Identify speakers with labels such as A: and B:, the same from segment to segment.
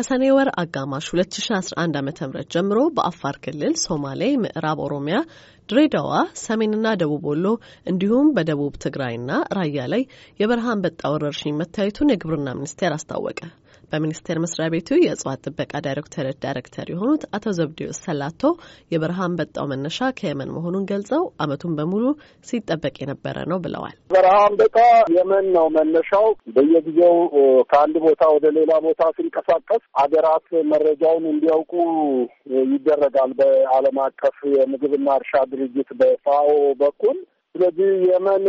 A: ከሰኔ ወር አጋማሽ 2011 ዓ ም ጀምሮ በአፋር ክልል፣ ሶማሌ፣ ምዕራብ ኦሮሚያ፣ ድሬዳዋ፣ ሰሜንና ደቡብ ወሎ እንዲሁም በደቡብ ትግራይና ራያ ላይ የበረሃ አንበጣ ወረርሽኝ መታየቱን የግብርና ሚኒስቴር አስታወቀ። በሚኒስቴር መስሪያ ቤቱ የእጽዋት ጥበቃ ዳይሬክቶሬት ዳይሬክተር የሆኑት አቶ ዘብዴዎስ ሰላቶ የበረሃ አንበጣው መነሻ ከየመን መሆኑን ገልጸው ዓመቱን በሙሉ ሲጠበቅ የነበረ ነው ብለዋል።
B: በረሃ አንበጣ የመን ነው መነሻው። በየጊዜው ከአንድ ቦታ ወደ ሌላ ቦታ ሲንቀሳቀስ አገራት መረጃውን እንዲያውቁ ይደረጋል። በዓለም አቀፍ የምግብና እርሻ ድርጅት በፋኦ በኩል ስለዚህ የመን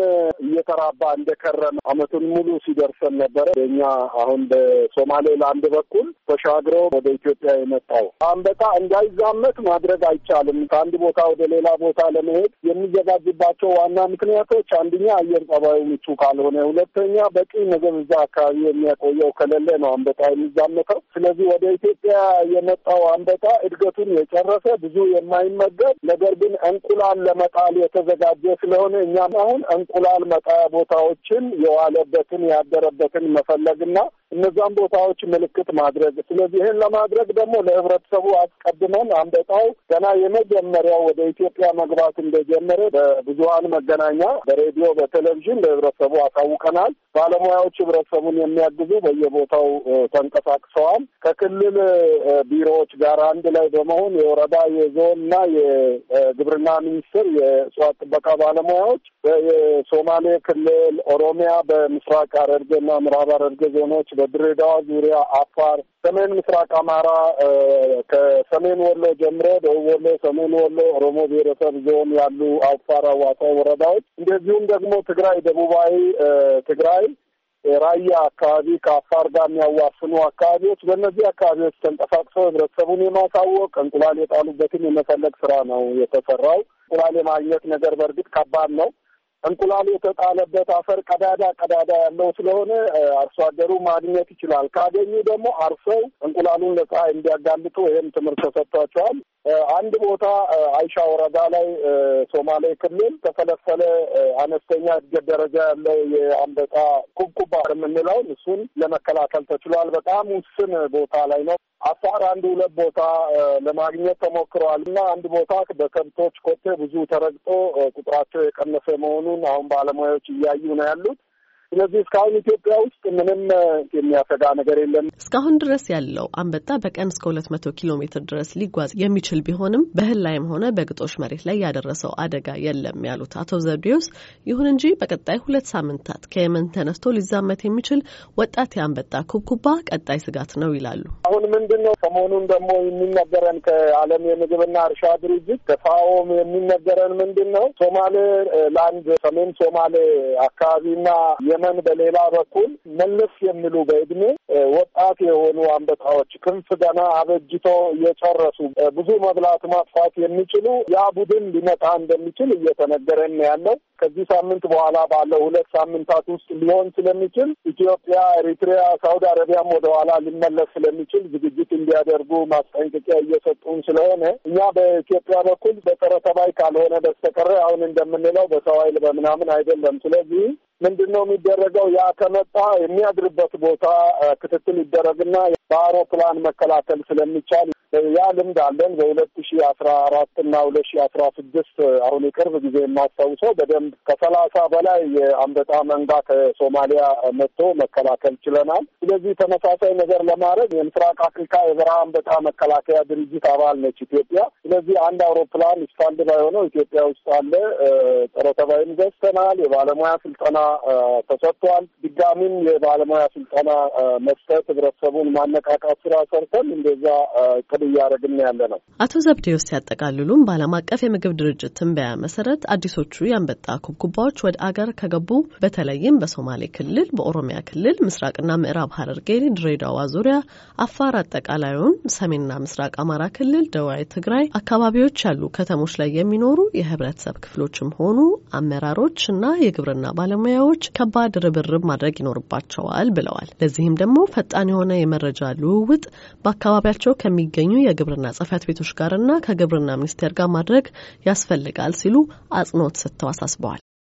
B: እየተራባ እንደከረመ አመቱን ሙሉ ሲደርሰን ነበረ። እኛ አሁን በሶማሌ ላንድ በኩል ተሻግሮ ወደ ኢትዮጵያ የመጣው አንበጣ እንዳይዛመት ማድረግ አይቻልም። ከአንድ ቦታ ወደ ሌላ ቦታ ለመሄድ የሚዘጋጅባቸው ዋና ምክንያቶች አንደኛ አየር ጸባዩ ምቹ ካልሆነ፣ ሁለተኛ በቂ ምግብ እዛ አካባቢ የሚያቆየው ከሌለ ነው አንበጣ የሚዛመተው። ስለዚህ ወደ ኢትዮጵያ የመጣው አንበጣ እድገቱን የጨረሰ ብዙ የማይመገብ ነገር ግን እንቁላል ለመጣል የተዘጋጀ ስለሆነ ስለሆነ እኛም አሁን እንቁላል መጣያ ቦታዎችን የዋለበትን ያደረበትን መፈለግና እነዛን ቦታዎች ምልክት ማድረግ። ስለዚህ ይህን ለማድረግ ደግሞ ለህብረተሰቡ አስቀድመን አንበጣው ገና የመጀመሪያው ወደ ኢትዮጵያ መግባት እንደጀመረ በብዙሀን መገናኛ፣ በሬዲዮ፣ በቴሌቪዥን ለህብረተሰቡ አሳውቀናል። ባለሙያዎች ህብረተሰቡን የሚያግዙ በየቦታው ተንቀሳቅሰዋል። ከክልል ቢሮዎች ጋር አንድ ላይ በመሆን የወረዳ የዞን እና የግብርና ሚኒስቴር የእጽዋት ጥበቃ ባለሙያዎች የሶማሌ ክልል፣ ኦሮሚያ፣ በምስራቅ ሐረርጌ እና ምዕራብ ሐረርጌ ዞኖች በድሬዳዋ ዙሪያ፣ አፋር፣ ሰሜን ምስራቅ አማራ ከሰሜን ወሎ ጀምሮ ደቡብ ወሎ፣ ሰሜን ወሎ፣ ኦሮሞ ብሔረሰብ ዞን ያሉ አፋር አዋሳኝ ወረዳዎች እንደዚሁም ደግሞ ትግራይ፣ ደቡባዊ ትግራይ ራያ አካባቢ ከአፋር ጋር የሚያዋስኑ አካባቢዎች በእነዚህ አካባቢዎች ተንቀሳቅሰው ህብረተሰቡን የማሳወቅ እንቁላል የጣሉበትን የመፈለግ ስራ ነው የተሰራው። እንቁላል የማግኘት ነገር በእርግጥ ከባድ ነው። እንቁላሉ የተጣለበት አፈር ቀዳዳ ቀዳዳ ያለው ስለሆነ አርሶ አደሩ ማግኘት ይችላል። ካገኙ ደግሞ አርሰው እንቁላሉን ለፀሐይ እንዲያጋልጡ ይህም ትምህርት ተሰጥቷቸዋል። አንድ ቦታ አይሻ ወረዳ ላይ ሶማሌ ክልል ተፈለፈለ አነስተኛ እድገት ደረጃ ያለው የአንበጣ ኩብኩባ የምንለውን እሱን ለመከላከል ተችሏል። በጣም ውስን ቦታ ላይ ነው። አፋር አንድ ሁለት ቦታ ለማግኘት ተሞክረዋል እና አንድ ቦታ በከብቶች ኮቴ ብዙ ተረግጦ ቁጥራቸው የቀነሰ መሆኑን አሁን ባለሙያዎች እያዩ ነው ያሉት። ስለዚህ እስካሁን ኢትዮጵያ ውስጥ ምንም የሚያሰጋ ነገር የለም።
A: እስካሁን ድረስ ያለው አንበጣ በቀን እስከ ሁለት መቶ ኪሎ ሜትር ድረስ ሊጓዝ የሚችል ቢሆንም በእህል ላይም ሆነ በግጦሽ መሬት ላይ ያደረሰው አደጋ የለም ያሉት አቶ ዘብዴዎስ፣ ይሁን እንጂ በቀጣይ ሁለት ሳምንታት ከየመን ተነስቶ ሊዛመት የሚችል ወጣት የአንበጣ ኩብኩባ ቀጣይ ስጋት ነው ይላሉ።
B: አሁን ምንድን ነው ሰሞኑን ደግሞ የሚነገረን ከዓለም የምግብና እርሻ ድርጅት ከፋኦም የሚነገረን ምንድን ነው ሶማሌ ላንድ ሰሜን ሶማሌ አካባቢና ዘመን በሌላ በኩል መለስ የሚሉ በእድሜ ወጣት የሆኑ አንበሳዎች ክንፍ ገና አበጅቶ እየጨረሱ ብዙ መብላት ማጥፋት የሚችሉ ያ ቡድን ሊመጣ እንደሚችል እየተነገረን ያለው ከዚህ ሳምንት በኋላ ባለው ሁለት ሳምንታት ውስጥ ሊሆን ስለሚችል ኢትዮጵያ፣ ኤሪትሪያ፣ ሳውዲ አረቢያም ወደኋላ ሊመለስ ስለሚችል ዝግጅት እንዲያደርጉ ማስጠንቀቂያ እየሰጡን ስለሆነ እኛ በኢትዮጵያ በኩል በጸረ ተባይ ካልሆነ በስተቀረ አሁን እንደምንለው በሰው ኃይል በምናምን አይደለም። ስለዚህ ምንድን ነው የሚደረገው? ያ ከመጣ የሚያድርበት ቦታ ክትትል ይደረግና በአውሮፕላን መከላከል ስለሚቻል ያ ልምድ አለን። በሁለት ሺ አስራ አራት እና ሁለት ሺ አስራ ስድስት አሁን የቅርብ ጊዜ የማስታውሰው በደንብ ከሰላሳ በላይ የአንበጣ መንጋ ከሶማሊያ መጥቶ መከላከል ችለናል። ስለዚህ ተመሳሳይ ነገር ለማድረግ የምስራቅ አፍሪካ የበረሃ አንበጣ መከላከያ ድርጅት አባል ነች ኢትዮጵያ። ስለዚህ አንድ አውሮፕላን ስታንድ ባይ ሆነው ኢትዮጵያ ውስጥ አለ። ጸረ ተባይም ገዝተናል። የባለሙያ ስልጠና ተሰጥቷል። ድጋሚም የባለሙያ ስልጠና መስጠት፣ ህብረተሰቡን ማነቃቃት ስራ ሰርተን እንደዛ ቅድ እያደረግን ያለ ነው።
A: አቶ ዘብዴዎስ ሲያጠቃልሉም በዓለም አቀፍ የምግብ ድርጅት ትንበያ መሰረት አዲሶቹ የአንበጣ ኩብኩባዎች ወደ አገር ከገቡ በተለይም በሶማሌ ክልል፣ በኦሮሚያ ክልል፣ ምስራቅና ምዕራብ ሐረርጌ፣ ድሬዳዋ ዙሪያ፣ አፋር፣ አጠቃላዩን ሰሜንና ምስራቅ አማራ ክልል፣ ደቡባዊ ትግራይ አካባቢዎች ያሉ ከተሞች ላይ የሚኖሩ የህብረተሰብ ክፍሎችም ሆኑ አመራሮች እና የግብርና ባለሙያዎች ከባድ ርብርብ ማድረግ ማድረግ ይኖርባቸዋል ብለዋል። ለዚህም ደግሞ ፈጣን የሆነ የመረጃ ልውውጥ በአካባቢያቸው ከሚገኙ የግብርና ጽሕፈት ቤቶች ጋርና ከግብርና ሚኒስቴር ጋር ማድረግ ያስፈልጋል ሲሉ አጽንኦት ሰጥተው አሳስበዋል።